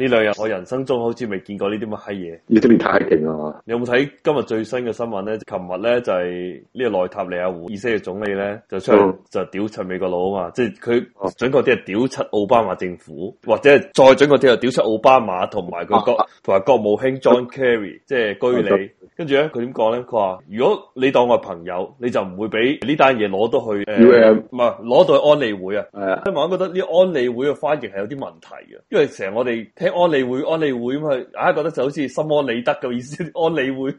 呢兩日我人生中好似未見過呢啲乜嘢，你真係太勁啦！你有冇睇今日最新嘅新聞咧？琴日咧就係呢個內塔尼亞胡以色列嘅總理咧就出去，就屌出美國佬啊嘛！即係佢準確啲係屌出奧巴馬政府，或者係再準確啲係屌出奧巴馬同埋佢國同埋國務卿 John Kerry，即係居理。跟住咧佢點講咧？佢話如果你當我係朋友，你就唔會俾呢單嘢攞到去誒，唔係攞到安理會啊！即係我覺得呢安理會嘅翻譯係有啲問題嘅，因為成日我哋聽。安理會，安理會咁啊，覺得就好似心安理得嘅意思。安理會，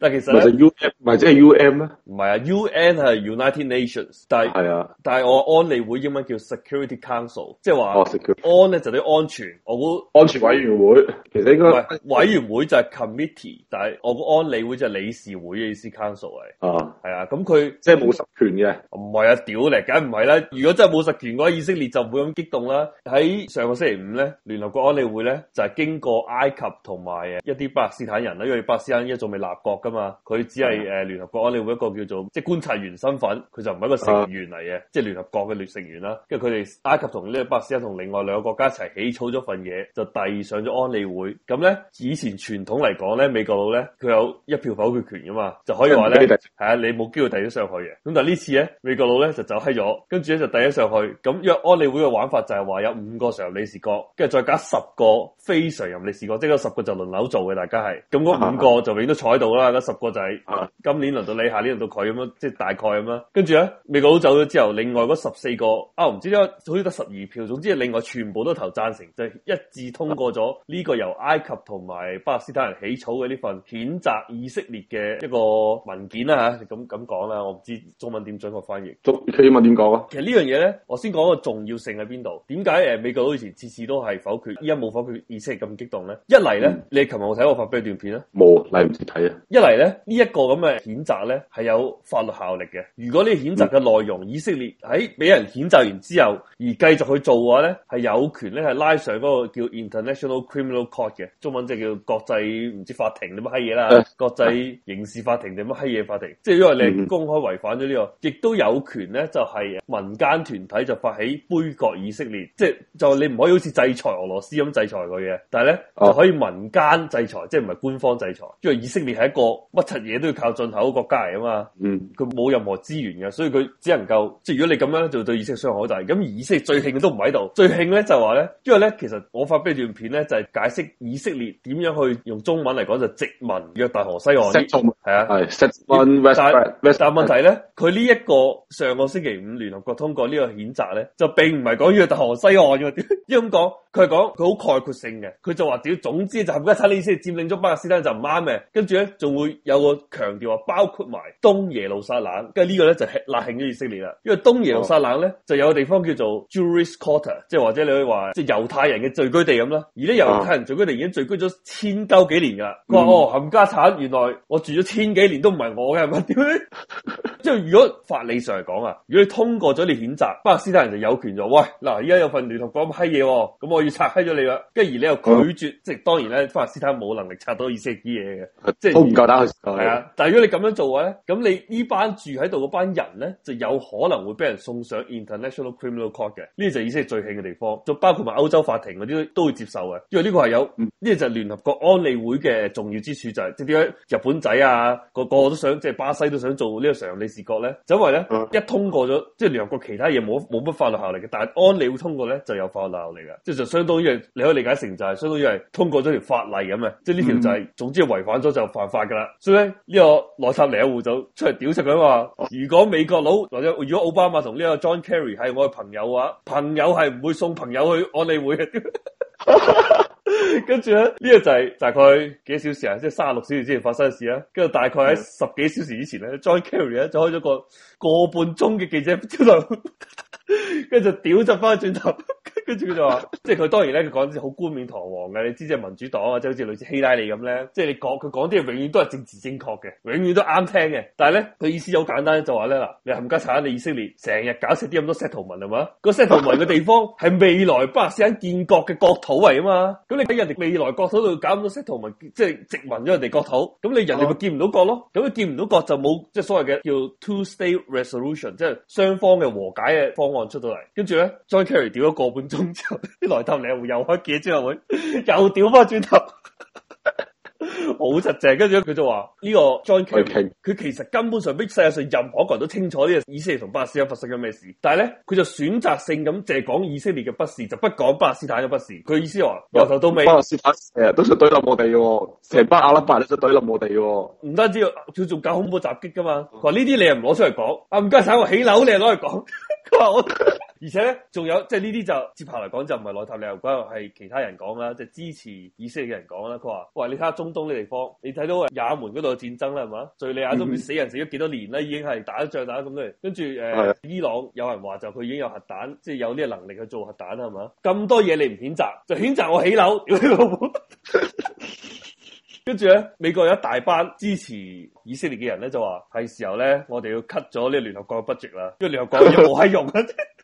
但其實唔係 U，唔係即係 U N 咧，唔係、UM? 啊，U N 係 United Nations，但係係啊，但係我安理會英文叫 Security Council，即係話、oh, Security. 安咧就啲安全，我估安全委員會，我估其實應該委員會就係 committee，但係我估安理會就係理事會嘅意思，Council 係啊，係啊，咁佢即係冇實權嘅，唔係啊，啊，屌你，梗唔係啦，如果真係冇實權嘅話，以色列就唔會咁激動啦。喺上個星期五咧，聯合國安理會。會咧就係經過埃及同埋一啲巴勒斯坦人啦，因為巴勒斯坦依家仲未立國噶嘛，佢只係誒聯合國安理會一個叫做即係觀察員身份，佢就唔係一個成員嚟嘅。啊、即係聯合國嘅成員啦。跟住佢哋埃及同呢個巴勒斯坦同另外兩個國家一齊起，起草咗份嘢，就遞上咗安理會。咁咧以前傳統嚟講咧，美國佬咧佢有一票否決權噶嘛，就可以話咧係啊，你冇機會遞咗上，上去嘅。咁但係呢次咧，美國佬咧就走閪咗，跟住咧就遞咗上去。咁約安理會嘅玩法就係話有五個常任理事國，跟住再加十。個非常理事國，即係十個就輪流做嘅，大家係咁嗰五個就永遠都坐喺度啦。得、啊、十個就係今年輪到你，下年輪到佢咁樣，即係大概咁啊。跟住咧，美國佬走咗之後，另外嗰十四個啊，唔、哦、知點解，好似得十二票。總之，另外全部都投贊成，就係、一致通過咗呢個由埃及同埋巴勒斯坦人起草嘅呢份譴責以色列嘅一個文件啦吓。咁咁講啦，我唔知中文點準確翻譯，中英文點講啊？其實呢樣嘢咧，我先講個重要性喺邊度？點解誒，美國佬以前次次都係否決，依家冇。可否？意思係咁激動咧？一嚟咧，你琴日我睇我發俾你段片啊，冇，嚟唔切睇啊！一嚟咧，呢一個咁嘅譴責咧，係有法律效力嘅。如果你譴責嘅內容，以色列喺俾人譴責完之後而繼續去做嘅話咧，係有權咧係拉上嗰個叫 International Criminal Court 嘅，中文就係叫國際唔知法庭啲乜閪嘢啦，國際刑事法庭定乜閪嘢法庭，即係因為你公開違反咗呢個，亦都有權咧就係民間團體就發起杯葛以色列，即係就你唔可以好似制裁俄羅斯咁。制裁佢嘢，但係咧、啊、就可以民間制裁，即係唔係官方制裁。因為以色列係一個乜柒嘢都要靠進口嘅國家嚟啊嘛，佢冇、嗯、任何資源嘅，所以佢只能夠即係如果你咁樣，就對以色列傷害好大。咁以色列最慶都唔喺度，最慶咧就話咧，因為咧其實我發俾段片咧，就係、是、解釋以色列點樣去用中文嚟講就是、殖民約大河西岸。係方啊，係殖民。但係方方但係問題咧，佢呢一個上個星期五聯合國通過個譴呢個譴責咧，就並唔係講約大河西岸啊， 因為咁講，佢係講佢好狂概括性嘅，佢就話只要總之就冚家產。呢意思佔領咗巴勒斯坦就唔啱嘅。跟住咧，仲會有個強調話包括埋東耶路撒冷。跟住呢個咧就辣㷫咗以色列啦，因為東耶路撒冷咧、哦、就有個地方叫做 Jewish Quarter，即係或者你可以話即係猶太人嘅聚居地咁啦。而咧猶太人聚居地已經聚居咗千鳩幾年噶。佢話、嗯、哦冚家產，原來我住咗千幾年都唔係我嘅，係咪點咧？即 係 如果法理上嚟講啊，如果你通過咗你譴責巴勒斯坦人就有權咗。喂嗱，而家有份聯合國乜閪嘢，咁我要拆閪咗你，了你了。跟住而你又拒絕，嗯、即係當然咧，法斯坦冇能力拆到以色列啲嘢嘅，嗯、即係都唔夠膽去。係啊而，但係如果你咁樣做嘅話咧，咁、嗯、你呢班住喺度嗰班人咧，就有可能會俾人送上 International Criminal Court 嘅。呢、嗯、就以色列係最興嘅地方，就包括埋歐洲法庭嗰啲都，都會接受嘅，因為呢個係有。呢就聯合國安理會嘅重要之處就係即點解日本仔啊，個個，個都想即係巴西都想做呢個常任理事國咧。因為咧、嗯、一通過咗，即係聯合國其他嘢冇冇乜法律效力嘅，但係安理會通過咧就有法律效力嘅，即係就相當於。你可以理解成就係相當於係通過咗條法例咁啊，即係呢條就係、係，嗯、總之違反咗就犯法噶啦。所以咧呢、呢個內塔尼亞胡就出嚟屌柒佢話，如果美國佬或者如果奧巴馬同呢個 John Kerry 係我嘅朋友嘅話，朋友係唔會送朋友去安理會嘅。跟住咧呢個就係大概幾小時啊，即係卅六小時之前發生嘅事啊。跟住大概喺十幾小時以前咧、嗯、，John Kerry 咧就開咗個個半鐘嘅記者招待會，跟住屌柒翻轉頭。跟住佢就話，即係佢當然咧，佢講啲好冠冕堂皇嘅，你知即係民主黨啊，即係好似類似希拉里咁咧，即係你講佢講啲嘢永遠都係政治正確嘅，永遠都啱聽嘅。但係咧，佢意思好簡單，就話咧嗱，你冚家產，你以色列成日搞成啲咁多 s e t t l 係嘛？個 s e t t 嘅地方係未來巴勒斯建國嘅國土嚟啊嘛。咁你喺人哋未來國土度搞咁多 s e t t 即係殖民咗人哋國土，咁你人哋咪建唔到國咯？咁你建唔到國就冇即係所謂嘅叫 two-state resolution，即係雙方嘅和解嘅方案出到嚟。跟住咧再 c a r r y 掉一個半。中途啲來頭嚟，又開記者招待會又掉翻轉頭，好實淨。跟住佢就話呢個 John Kerry 佢 Okay. 其實根本上比世界上任何一個人都清楚呢嘢，以色列同巴勒斯坦發生緊咩事。但係咧，佢就選擇性咁淨係講以色列嘅不是，就不講巴勒斯坦嘅不是。佢意思話由頭到尾，巴勒斯坦成日都想懟冧我哋，哦，成班阿拉伯都想懟冧我哋，哦。唔單止佢仲搞恐怖襲擊噶嘛。佢話呢啲你又唔攞出嚟講，啊唔該晒我起樓，你又攞嚟講。 而且咧，仲有即係呢啲就接下嚟講就唔係內塔尼亞胡講，係其他人講啦，即係支持以色列嘅人講啦。佢話喂，你睇下中東呢地方，你睇到也門嗰度嘅戰爭啦，係嘛？敘利亞都唔知死人、嗯、死咗幾多年啦，已經係打咗仗打咁多年，跟住誒，呃、的伊朗有人話就佢已經有核彈，即、就、係、是、有呢個能力去做核彈啦，係嘛？咁多嘢你唔譴責，就譴責我起樓。 跟住咧，美國有一大班支持以色列嘅人咧，就話係時候咧，我哋要 cut 咗呢個聯合國嘅 budget 啦。因為聯合國又冇閪用啊！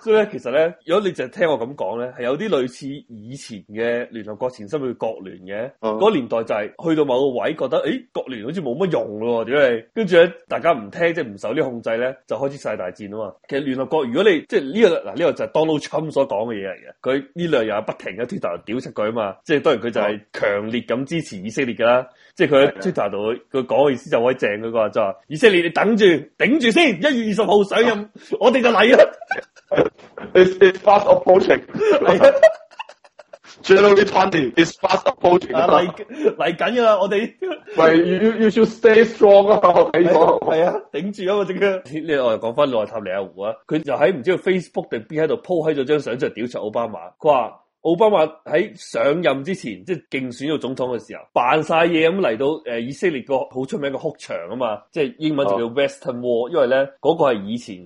所以咧，其實咧，如果你淨係聽我咁講咧，係有啲類似以前嘅聯合國前身叫國聯嘅，嗰、啊、年代就係去到某個位覺得誒，國聯好似冇乜用咯，因為跟住咧，大家唔聽即係唔受呢控制咧，就開始晒大戰啊嘛。其實聯合國如果你即係、這、呢個嗱呢、這個就係 Donald Trump 所講嘅嘢嚟嘅，佢呢兩日不停喺 Twitter 屌出佢啊嘛，即係當然佢就係強烈咁支持以色列噶啦，即係佢喺 Twitter 度佢講嘅意思就好正佢個就話，啊、以色列你等住頂住先，一月二十號上任，啊、我哋就嚟啦。 It is fast approaching. January twenty is fast approaching。嚟嚟緊噶啦，我哋要要要要 stay strong 啊！係啊，係啊，頂住啊！我隻腳。呢我又講翻內塔尼亞胡啊，佢就喺唔知 Facebook 定邊喺度 po 起咗張相，就屌出奧巴馬。佢話奧巴馬喺上任之前，即係競選咗總統嘅時候，扮晒嘢咁嚟到誒，以色列個好出名嘅哭牆啊嘛，即係英文就叫 Western Wall，因為咧嗰個係以前。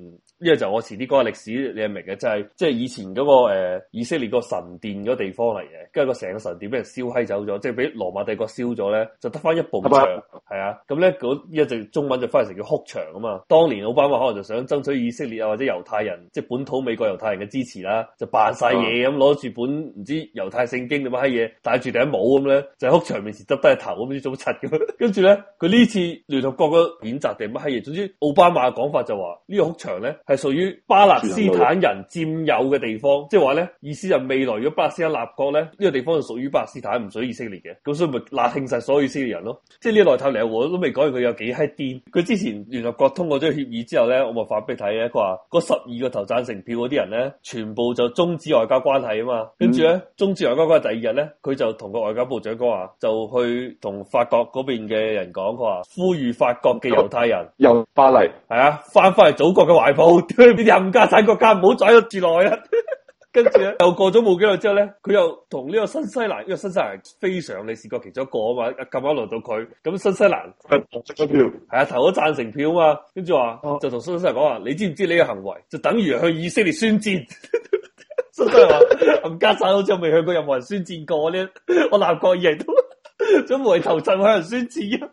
呢個就我遲啲講下歷史，你係明嘅，就係即係以前嗰、那個、呃、以色列神個神殿嗰地方嚟嘅，跟住個成個神殿俾人燒閪走咗，即係俾羅馬帝國燒咗咧，就得翻一埲牆，係嗎啊，咁咧嗰一直中文就翻譯成叫哭牆啊嘛。當年奧巴馬可能就想爭取以色列啊或者猶太人即係本土美國猶太人嘅支持啦，就扮晒嘢咁，攞住嗎本唔知猶太聖經定乜閪嘢，戴住頂帽咁咧，就喺、是、哭牆面前執低頭咁樣做乜柒咁。跟住咧，佢呢次聯合國嘅演習定乜閪嘢，總之奧巴馬嘅講法就話呢、這個哭牆咧。係屬於巴勒斯坦人占有嘅地方，即係話咧，意思就未來如果巴勒斯坦立國咧，呢個地方就屬於巴勒斯坦，唔屬於以色列嘅。咁所以咪嗱，慶實所有以色列人咯。即係呢個內塔尼亞胡嚟，我都未講完，佢有幾閪癲。佢之前聯合國通過咗協議之後咧，我咪發俾你睇嘅。佢話嗰十二個投贊成票嗰啲人咧，全部就終止外交關係啊嘛。跟住咧，終止外交關係第二日咧，佢就同個外交部長講話，就去同法國嗰邊嘅人講，佢話呼籲法國嘅猶太人由巴黎係啊翻翻去祖國嘅懷抱。去你冚家鏟國家，唔好坐咗住耐啊！ 跟住咧，又過咗冇幾耐之後咧，佢又同呢個新西蘭，因為新西蘭非常任理事國其中一個啊嘛，咁樣輪到佢咁，新西蘭係、嗯啊、投咗票，係啊投咗贊成票啊嘛，跟住話就同新西蘭講啊，你知唔知你嘅行為就等於向以色列宣戰？ 新西蘭話冚家鏟好似未向過任何人宣戰過呢，我納、這個、國儀都準備投信向人宣戰啊！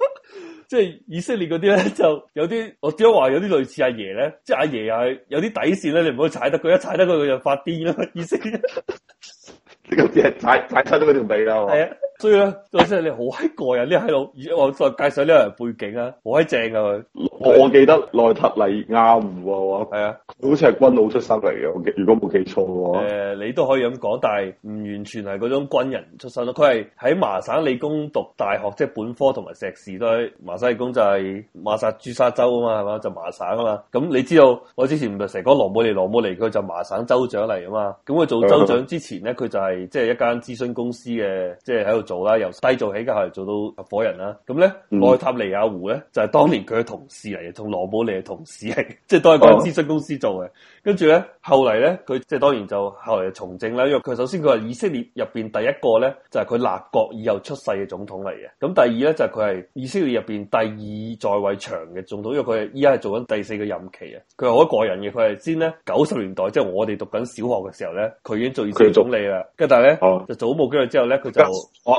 即係以色列嗰啲咧，就有啲我點解話有啲類似阿爺咧？即係阿爺又係有啲底線咧，你唔好踩得佢，一踩得佢佢就發癲啦！以色列， 呢個只係踩踩出咗佢條尾啦，係 啊。所以咧，即係你好閪過啊！呢喺度，而我再介紹呢個人背景啊，好閪正啊。佢。我記得內的特利亞胡喎，係啊，佢的好似係軍佬出身嚟嘅。我如果冇記錯喎，誒、呃，你都可以咁講，但係唔完全係嗰種軍人出身咯。佢係喺麻省理工讀大學，即、就、係、是、本科同埋碩士都喺麻省理工，就係麻薩朱薩州啊嘛，係嘛，就麻省啊嘛。咁你知道我之前唔係成日講羅姆尼，羅姆尼佢就麻省州長嚟啊嘛。咁佢做州長之前咧，佢的就係即係一間諮詢公司嘅，即係喺度。做啦，由低做起，噶後嚟做到合伙人啦。咁咧，內、嗯、塔尼亞胡咧就係、是、當年佢嘅同事嚟，嘅，同羅姆尼嘅同事嚟嘅，即係都係喺諮詢公司做嘅。啊、跟住咧，後嚟咧，佢即係當然就後嚟從政啦。因為佢首先佢係以色列入邊第一個咧就係、是、佢立國以後出世嘅總統嚟嘅。咁第二咧就係佢係以色列入邊第二在位長嘅總統，因為佢依家係做緊第四個任期啊。佢係好過人嘅，佢係先咧九十年代，即、就、係、是、我哋讀緊小學嘅時候咧，佢已經做以色列總理啦。跟住做但係咧、啊、就早冇幾耐之後咧，佢就、啊